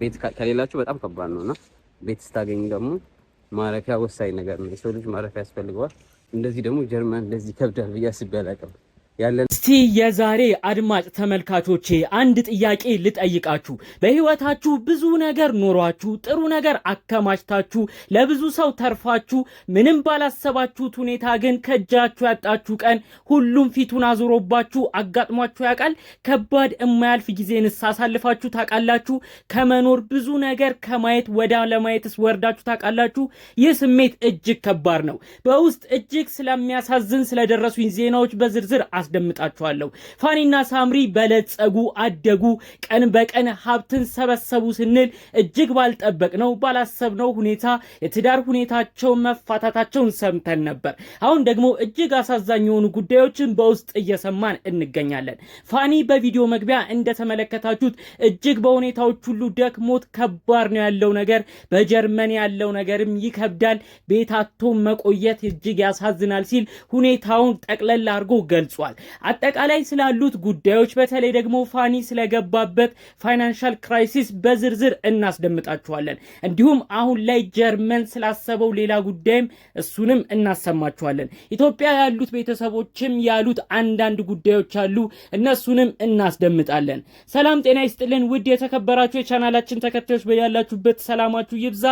ቤት ከሌላችሁ በጣም ከባድ ነው እና ቤት ስታገኝ ደግሞ ማረፊያ ወሳኝ ነገር ነው። የሰው ልጅ ማረፊያ ያስፈልገዋል። እንደዚህ ደግሞ ጀርመን እንደዚህ ከብዳል ብዬ አስቤ አላውቅም ያለን እስቲ የዛሬ አድማጭ ተመልካቾቼ አንድ ጥያቄ ልጠይቃችሁ። በህይወታችሁ ብዙ ነገር ኖሯችሁ ጥሩ ነገር አከማችታችሁ ለብዙ ሰው ተርፋችሁ ምንም ባላሰባችሁት ሁኔታ ግን ከእጃችሁ ያጣችሁ ቀን ሁሉም ፊቱን አዞሮባችሁ አጋጥሟችሁ ያውቃል? ከባድ የማያልፍ ጊዜን አሳልፋችሁ ታውቃላችሁ? ከመኖር ብዙ ነገር ከማየት ወደ ለማየትስ ወርዳችሁ ታውቃላችሁ? ይህ ስሜት እጅግ ከባድ ነው። በውስጥ እጅግ ስለሚያሳዝን ስለደረሱኝ ዜናዎች በዝርዝር አስደምጣችሁ እላችኋለሁ። ፋኒና ሳምሪ በለጸጉ፣ አደጉ፣ ቀን በቀን ሀብትን ሰበሰቡ ስንል እጅግ ባልጠበቅነው ባላሰብነው ሁኔታ የትዳር ሁኔታቸው መፋታታቸውን ሰምተን ነበር። አሁን ደግሞ እጅግ አሳዛኝ የሆኑ ጉዳዮችን በውስጥ እየሰማን እንገኛለን። ፋኒ በቪዲዮ መግቢያ እንደተመለከታችሁት እጅግ በሁኔታዎች ሁሉ ደክሞት ከባድ ነው ያለው ነገር። በጀርመን ያለው ነገርም ይከብዳል። ቤታቶ መቆየት እጅግ ያሳዝናል ሲል ሁኔታውን ጠቅለል አድርጎ ገልጿል። አጠቃላይ ስላሉት ጉዳዮች በተለይ ደግሞ ፋኒ ስለገባበት ፋይናንሻል ክራይሲስ በዝርዝር እናስደምጣችኋለን። እንዲሁም አሁን ላይ ጀርመን ስላሰበው ሌላ ጉዳይም እሱንም እናሰማችኋለን። ኢትዮጵያ ያሉት ቤተሰቦችም ያሉት አንዳንድ ጉዳዮች አሉ፣ እነሱንም እናስደምጣለን። ሰላም ጤና ይስጥልን ውድ የተከበራችሁ የቻናላችን ተከታዮች በያላችሁበት ሰላማችሁ ይብዛ።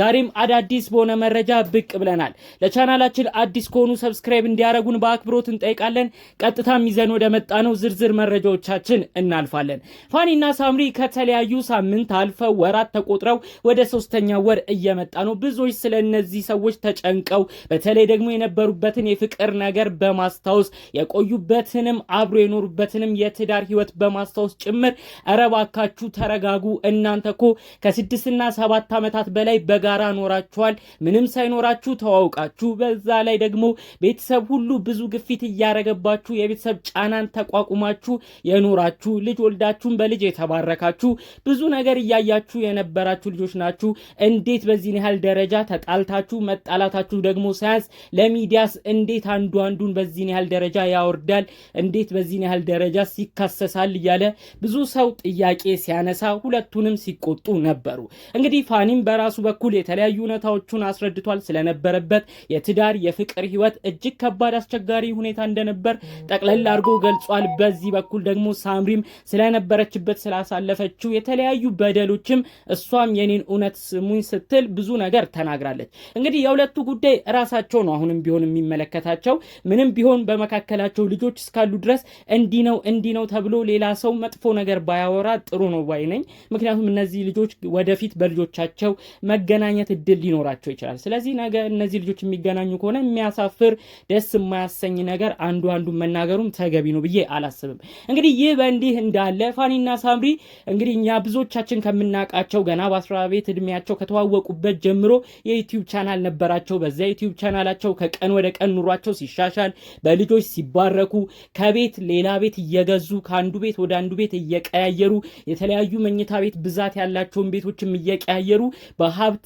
ዛሬም አዳዲስ በሆነ መረጃ ብቅ ብለናል። ለቻናላችን አዲስ ከሆኑ ሰብስክራይብ እንዲያደረጉን በአክብሮት እንጠይቃለን። ቀጥታ ይዘን ወደ መጣነው ዝርዝር መረጃዎቻችን እናልፋለን። ፋኒና ሳምሪ ከተለያዩ ሳምንት አልፈው ወራት ተቆጥረው ወደ ሶስተኛ ወር እየመጣ ነው። ብዙዎች ስለ እነዚህ ሰዎች ተጨንቀው በተለይ ደግሞ የነበሩበትን የፍቅር ነገር በማስታወስ የቆዩበትንም አብሮ የኖሩበትንም የትዳር ህይወት በማስታወስ ጭምር እረባካችሁ ተረጋጉ። እናንተ ኮ ከስድስትና ሰባት ዓመታት በላይ በጋራ ኖራችኋል። ምንም ሳይኖራችሁ ተዋውቃችሁ፣ በዛ ላይ ደግሞ ቤተሰብ ሁሉ ብዙ ግፊት እያረገባችሁ የቤተሰብ ጫናን ተቋቁማችሁ የኖራችሁ ልጅ ወልዳችሁን በልጅ የተባረካችሁ ብዙ ነገር እያያችሁ የነበራችሁ ልጆች ናችሁ። እንዴት በዚህን ያህል ደረጃ ተጣልታችሁ መጣላታችሁ ደግሞ ሳያንስ ለሚዲያስ እንዴት አንዱ አንዱን በዚህን ያህል ደረጃ ያወርዳል? እንዴት በዚህን ያህል ደረጃ ሲካሰሳል? እያለ ብዙ ሰው ጥያቄ ሲያነሳ ሁለቱንም ሲቆጡ ነበሩ። እንግዲህ ፋኒም በራሱ በኩል የተለያዩ እውነታዎቹን አስረድቷል። ስለነበረበት የትዳር የፍቅር ህይወት እጅግ ከባድ አስቸጋሪ ሁኔታ እንደነበር ጠቅለል ጠቅለል አድርጎ ገልጿል። በዚህ በኩል ደግሞ ሳምሪም ስለነበረችበት ስላሳለፈችው የተለያዩ በደሎችም እሷም የኔን እውነት ስሙኝ ስትል ብዙ ነገር ተናግራለች። እንግዲህ የሁለቱ ጉዳይ እራሳቸው ነው አሁንም ቢሆን የሚመለከታቸው። ምንም ቢሆን በመካከላቸው ልጆች እስካሉ ድረስ እንዲ ነው እንዲ ነው ተብሎ ሌላ ሰው መጥፎ ነገር ባያወራ ጥሩ ነው ባይ ነኝ። ምክንያቱም እነዚህ ልጆች ወደፊት በልጆቻቸው መገናኘት እድል ሊኖራቸው ይችላል። ስለዚህ ነገ እነዚህ ልጆች የሚገናኙ ከሆነ የሚያሳፍር ደስ የማያሰኝ ነገር አንዱ አንዱ መናገሩም ተገቢ ነው ብዬ አላስብም። እንግዲህ ይህ በእንዲህ እንዳለ ፋኒና ሳምሪ እንግዲህ እኛ ብዙዎቻችን ከምናውቃቸው ገና በአስራ ቤት እድሜያቸው ከተዋወቁበት ጀምሮ የዩቲዩብ ቻናል ነበራቸው። በዚያ ዩቲዩብ ቻናላቸው ከቀን ወደ ቀን ኑሯቸው ሲሻሻል፣ በልጆች ሲባረኩ፣ ከቤት ሌላ ቤት እየገዙ ከአንዱ ቤት ወደ አንዱ ቤት እየቀያየሩ የተለያዩ መኝታ ቤት ብዛት ያላቸውን ቤቶችም እየቀያየሩ በሀብት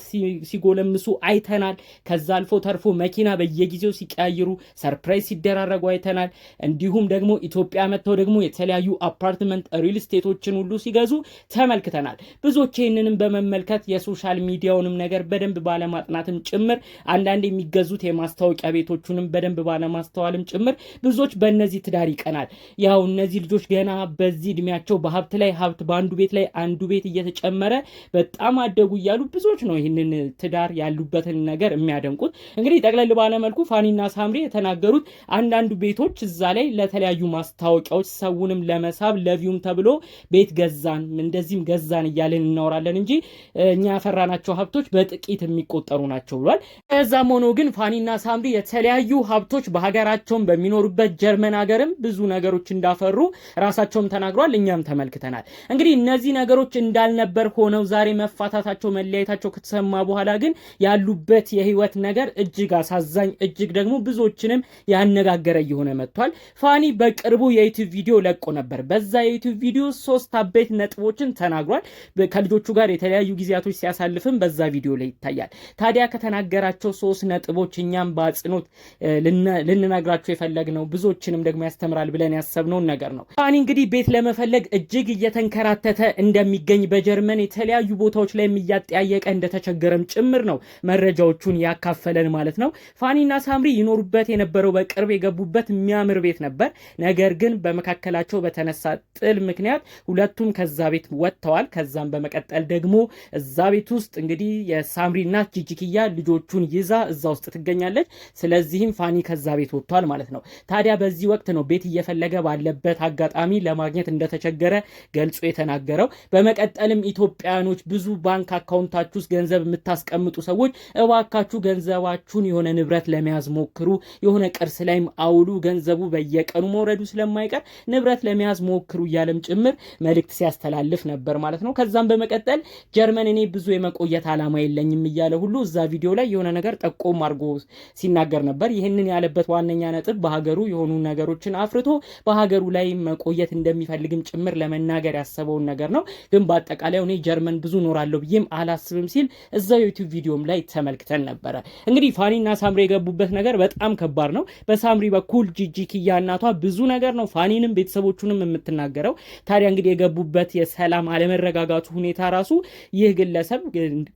ሲጎለምሱ አይተናል። ከዛ አልፎ ተርፎ መኪና በየጊዜው ሲቀያየሩ ሰርፕራይዝ ሲደራረጉ አይተናል። እንዲሁም እንዲሁም ደግሞ ኢትዮጵያ መጥተው ደግሞ የተለያዩ አፓርትመንት ሪል ስቴቶችን ሁሉ ሲገዙ ተመልክተናል። ብዙዎች ይህንንም በመመልከት የሶሻል ሚዲያውንም ነገር በደንብ ባለማጥናትም ጭምር አንዳንድ የሚገዙት የማስታወቂያ ቤቶቹንም በደንብ ባለማስተዋልም ጭምር ብዙዎች በእነዚህ ትዳር ይቀናል። ያው እነዚህ ልጆች ገና በዚህ እድሜያቸው በሀብት ላይ ሀብት በአንዱ ቤት ላይ አንዱ ቤት እየተጨመረ በጣም አደጉ እያሉ ብዙዎች ነው ይህንን ትዳር ያሉበትን ነገር የሚያደንቁት። እንግዲህ ጠቅለል ባለመልኩ ፋኒና ሳምሪ የተናገሩት አንዳንዱ ቤቶች እዛ ላይ በተለያዩ ማስታወቂያዎች ሰውንም ለመሳብ ለቪውም ተብሎ ቤት ገዛን እንደዚህም ገዛን እያልን እናወራለን እንጂ እኛ ያፈራናቸው ሀብቶች በጥቂት የሚቆጠሩ ናቸው ብሏል። ከዛም ሆኖ ግን ፋኒና ሳምሪ የተለያዩ ሀብቶች በሀገራቸውን በሚኖሩበት ጀርመን ሀገርም ብዙ ነገሮች እንዳፈሩ ራሳቸውም ተናግሯል። እኛም ተመልክተናል። እንግዲህ እነዚህ ነገሮች እንዳልነበር ሆነው ዛሬ መፋታታቸው መለያየታቸው ከተሰማ በኋላ ግን ያሉበት የህይወት ነገር እጅግ አሳዛኝ እጅግ ደግሞ ብዙዎችንም ያነጋገረ እየሆነ መጥቷል። ዳኒ በቅርቡ የዩቲዩብ ቪዲዮ ለቆ ነበር። በዛ የዩቲዩብ ቪዲዮ ሶስት አበይት ነጥቦችን ተናግሯል። ከልጆቹ ጋር የተለያዩ ጊዜያቶች ሲያሳልፍም በዛ ቪዲዮ ላይ ይታያል። ታዲያ ከተናገራቸው ሶስት ነጥቦች እኛም በአጽንኦት ልንነግራቸው የፈለግነው ብዙዎችንም ደግሞ ያስተምራል ብለን ያሰብነውን ነገር ነው። ዳኒ እንግዲህ ቤት ለመፈለግ እጅግ እየተንከራተተ እንደሚገኝ በጀርመን የተለያዩ ቦታዎች ላይ እያጠያየቀ እንደተቸገረም ጭምር ነው መረጃዎቹን ያካፈለን ማለት ነው። ፋኒና ሳምሪ ይኖሩበት የነበረው በቅርብ የገቡበት የሚያምር ቤት ነበር። ነገር ግን በመካከላቸው በተነሳ ጥል ምክንያት ሁለቱም ከዛ ቤት ወጥተዋል። ከዛም በመቀጠል ደግሞ እዛ ቤት ውስጥ እንግዲህ የሳምሪ እናት ልጆቹን ይዛ እዛ ውስጥ ትገኛለች። ስለዚህም ፋኒ ከዛ ቤት ወጥቷል ማለት ነው። ታዲያ በዚህ ወቅት ነው ቤት እየፈለገ ባለበት አጋጣሚ ለማግኘት እንደተቸገረ ገልጾ የተናገረው። በመቀጠልም ኢትዮጵያውያኖች ብዙ ባንክ አካውንታችሁ ውስጥ ገንዘብ የምታስቀምጡ ሰዎች እባካችሁ ገንዘባችሁን የሆነ ንብረት ለመያዝ ሞክሩ፣ የሆነ ቅርስ ላይም አውሉ፣ ገንዘቡ በየቀ ቀኑ መውረዱ ስለማይቀር ንብረት ለመያዝ ሞክሩ እያለም ጭምር መልእክት ሲያስተላልፍ ነበር ማለት ነው። ከዛም በመቀጠል ጀርመን እኔ ብዙ የመቆየት አላማ የለኝም እያለ ሁሉ እዛ ቪዲዮ ላይ የሆነ ነገር ጠቆም አድርጎ ሲናገር ነበር። ይህንን ያለበት ዋነኛ ነጥብ በሀገሩ የሆኑ ነገሮችን አፍርቶ በሀገሩ ላይ መቆየት እንደሚፈልግም ጭምር ለመናገር ያሰበውን ነገር ነው። ግን በአጠቃላይ እኔ ጀርመን ብዙ ኖራለሁ ብዬም አላስብም ሲል እዛው ዩቲዩብ ቪዲዮም ላይ ተመልክተን ነበረ። እንግዲህ ፋኒና ሳምሪ የገቡበት ነገር በጣም ከባድ ነው። በሳምሪ በኩል ጂጂ ኪያ እናቷ ብዙ ነገር ነው ፋኒንም ቤተሰቦቹንም የምትናገረው። ታዲያ እንግዲህ የገቡበት የሰላም አለመረጋጋቱ ሁኔታ ራሱ ይህ ግለሰብ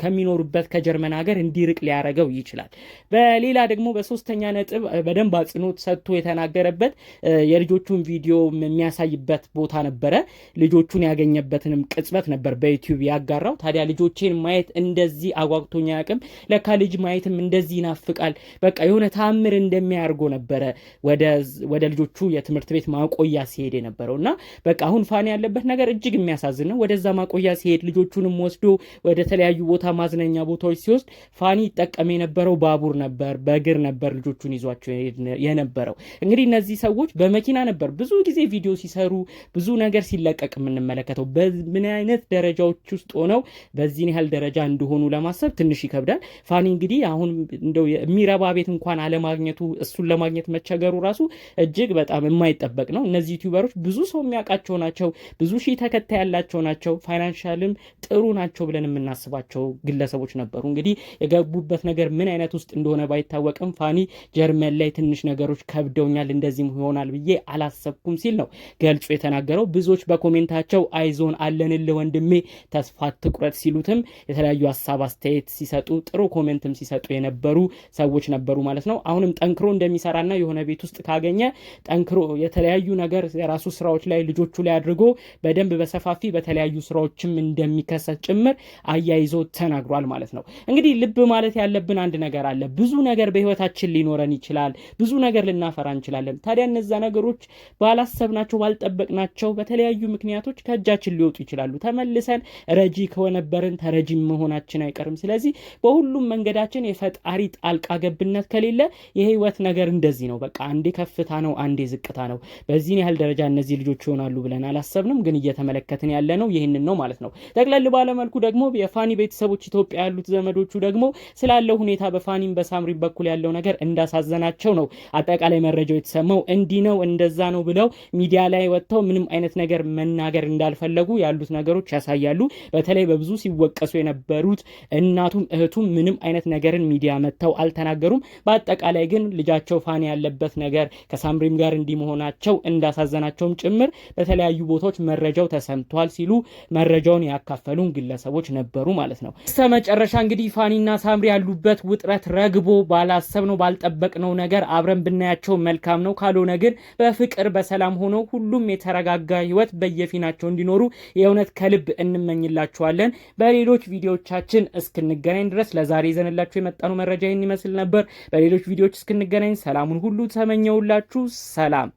ከሚኖሩበት ከጀርመን ሀገር እንዲርቅ ሊያደርገው ይችላል። በሌላ ደግሞ በሶስተኛ ነጥብ በደንብ አጽንኦት ሰጥቶ የተናገረበት የልጆቹን ቪዲዮ የሚያሳይበት ቦታ ነበረ። ልጆቹን ያገኘበትንም ቅጽበት ነበር በዩቲዩብ ያጋራው። ታዲያ ልጆቼን ማየት እንደዚህ አጓግቶኛ አቅም ለካ ልጅ ማየትም እንደዚህ ይናፍቃል። በቃ የሆነ ተአምር እንደሚያደርጎ ነበረ ወደ ልጆች ልጆቹ የትምህርት ቤት ማቆያ ሲሄድ የነበረው እና በቃ አሁን ፋኒ ያለበት ነገር እጅግ የሚያሳዝን ነው። ወደዛ ማቆያ ሲሄድ ልጆቹንም ወስዶ ወደ ተለያዩ ቦታ ማዝናኛ ቦታዎች ሲወስድ ፋኒ ይጠቀም የነበረው ባቡር ነበር፣ በእግር ነበር ልጆቹን ይዟቸው የነበረው። እንግዲህ እነዚህ ሰዎች በመኪና ነበር ብዙ ጊዜ ቪዲዮ ሲሰሩ ብዙ ነገር ሲለቀቅ የምንመለከተው። በምን አይነት ደረጃዎች ውስጥ ሆነው በዚህን ያህል ደረጃ እንደሆኑ ለማሰብ ትንሽ ይከብዳል። ፋኒ እንግዲህ አሁን እንደው የሚረባ ቤት እንኳን አለማግኘቱ እሱን ለማግኘት መቸገሩ ራሱ እጅግ በጣም የማይጠበቅ ነው። እነዚህ ዩቲዩበሮች ብዙ ሰው የሚያውቃቸው ናቸው፣ ብዙ ሺህ ተከታይ ያላቸው ናቸው፣ ፋይናንሻልም ጥሩ ናቸው ብለን የምናስባቸው ግለሰቦች ነበሩ። እንግዲህ የገቡበት ነገር ምን አይነት ውስጥ እንደሆነ ባይታወቅም ፋኒ ጀርመን ላይ ትንሽ ነገሮች ከብደውኛል፣ እንደዚህም ይሆናል ብዬ አላሰብኩም ሲል ነው ገልጾ የተናገረው። ብዙዎች በኮሜንታቸው አይዞን አለንልህ ወንድሜ ተስፋ ትቁረጥ ሲሉትም የተለያዩ ሀሳብ አስተያየት ሲሰጡ ጥሩ ኮሜንትም ሲሰጡ የነበሩ ሰዎች ነበሩ ማለት ነው። አሁንም ጠንክሮ እንደሚሰራና የሆነ ቤት ውስጥ ካገኘ ጠንክሮ የተለያዩ ነገር የራሱ ስራዎች ላይ ልጆቹ ላይ አድርጎ በደንብ በሰፋፊ በተለያዩ ስራዎችም እንደሚከሰት ጭምር አያይዞ ተናግሯል ማለት ነው። እንግዲህ ልብ ማለት ያለብን አንድ ነገር አለ። ብዙ ነገር በህይወታችን ሊኖረን ይችላል። ብዙ ነገር ልናፈራ እንችላለን። ታዲያ እነዛ ነገሮች ባላሰብናቸው፣ ባልጠበቅናቸው በተለያዩ ምክንያቶች ከእጃችን ሊወጡ ይችላሉ። ተመልሰን ረጂ ከሆነበርን ተረጂ መሆናችን አይቀርም። ስለዚህ በሁሉም መንገዳችን የፈጣሪ ጣልቃ ገብነት ከሌለ የህይወት ነገር እንደዚህ ነው። በቃ አንዴ ከፍታ ነው፣ አንዴ አንዴ ዝቅታ ነው። በዚህን ያህል ደረጃ እነዚህ ልጆች ይሆናሉ ብለን አላሰብንም፣ ግን እየተመለከትን ያለ ነው ይህንን ነው ማለት ነው። ጠቅለል ባለመልኩ ደግሞ የፋኒ ቤተሰቦች ኢትዮጵያ ያሉት ዘመዶቹ ደግሞ ስላለው ሁኔታ በፋኒም በሳምሪም በኩል ያለው ነገር እንዳሳዘናቸው ነው አጠቃላይ መረጃው የተሰማው። እንዲህ ነው እንደዛ ነው ብለው ሚዲያ ላይ ወጥተው ምንም አይነት ነገር መናገር እንዳልፈለጉ ያሉት ነገሮች ያሳያሉ። በተለይ በብዙ ሲወቀሱ የነበሩት እናቱም እህቱም ምንም አይነት ነገርን ሚዲያ መጥተው አልተናገሩም። በአጠቃላይ ግን ልጃቸው ፋኒ ያለበት ነገር ከሳምሪም ጋር ጋር እንዲህ መሆናቸው እንዳሳዘናቸውም ጭምር በተለያዩ ቦታዎች መረጃው ተሰምቷል ሲሉ መረጃውን ያካፈሉን ግለሰቦች ነበሩ ማለት ነው። እስከ መጨረሻ እንግዲህ ፋኒና ሳምሪ ያሉበት ውጥረት ረግቦ ባላሰብነው ባልጠበቅነው ነገር አብረን ብናያቸው መልካም ነው። ካልሆነ ግን በፍቅር በሰላም ሆነው ሁሉም የተረጋጋ ህይወት በየፊናቸው እንዲኖሩ የእውነት ከልብ እንመኝላቸዋለን። በሌሎች ቪዲዮቻችን እስክንገናኝ ድረስ ለዛሬ ይዘንላችሁ የመጣነው መረጃ ይህን ይመስል ነበር። በሌሎች ቪዲዮዎች እስክንገናኝ ሰላሙን ሁሉ ተመኘውላችሁ። ሰላም